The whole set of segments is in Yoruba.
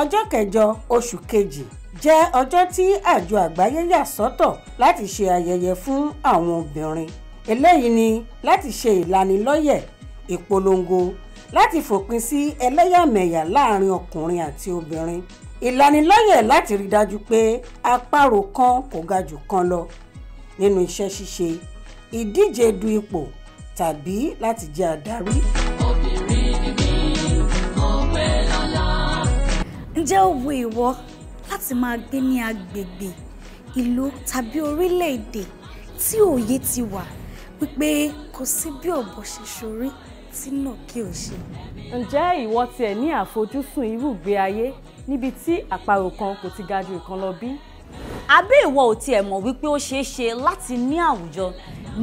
ọjọ́ kẹjọ oṣù kejì jẹ́ ọjọ́ tí àjọ àgbáyé yà sọ́tọ̀ láti ṣe ayẹyẹ fún àwọn obìnrin eléyìí ni láti ṣe ìlanilọ́yẹ̀ ìpolongo láti fòpin sí ẹlẹ́yàmẹ̀yà láàrin ọkùnrin àti obìnrin ìlanilọ́yẹ̀ láti rí dájú pé apárò kan kò ga jù kan lọ nínú iṣẹ́ ṣíṣe ìdíje du ipò tàbí láti jẹ́ adarí. ǹjẹ́ ó wu ìwọ láti máa gbé ní agbègbè ìlú tàbí orílẹ̀-èdè tí òye ti wà wípé kò sí bí ọ̀bọ ṣe ṣorí tí náà kí o ṣe. ǹjẹ́ ìwọ tiẹ̀ ní àfojúsùn irúgbé ayé níbi tí àparò kan kò ti ga ju ìkan lọ bí? àbí ìwọ ò tiẹ̀ mọ̀ wípé ó ṣeé ṣe láti ní àwùjọ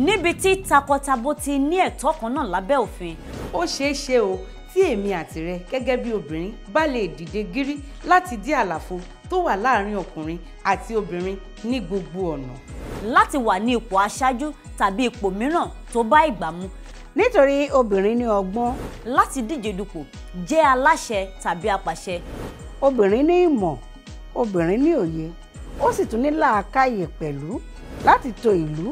níbi tí takọtabo ti ní ẹ̀tọ́ kan náà lábẹ́ òfin. ó ṣeé ṣe o tí èmi àti rẹ gẹ́gẹ́ bí obìnrin bá lè dìde gírí láti dí àlàfo tó wà láàárín ọkùnrin àti obìnrin ní gbogbo ọ̀nà. láti wà ní ipò aṣáájú tàbí ipò mìíràn tó bá ìgbà mu. nítorí obìnrin ní ọgbọ́n. láti díje dupò jẹ́ aláṣẹ tàbí apàṣẹ. obìnrin ní ìmọ̀ obìnrin ní òye ó sì tún ní làákàyè pẹ̀lú láti tò ìlú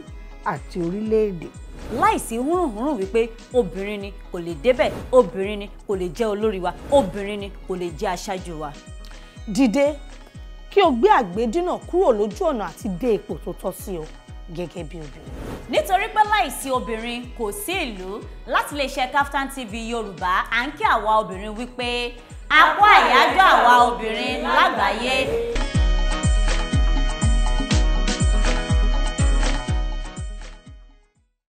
àti orílẹ̀-èdè láìsí húrùnhúrùn wípé obìnrin ni kò lè débẹ̀ obìnrin ni kò lè jẹ́ olórí wa obìnrin ni kò lè jẹ́ aṣáájú wa. dìde kí o gbé àgbédínà kúrò lójú ọ̀nà àti dé ipò tó tọ́ sí ọ gẹ́gẹ́ bí obìnrin. nítorí pé láìsí obìnrin kò sí ìlú láti lè ṣe Kaftan TV Yorùbá à ń kí àwa obìnrin wípé a kú àyájọ́ àwa obìnrin lágbàáyé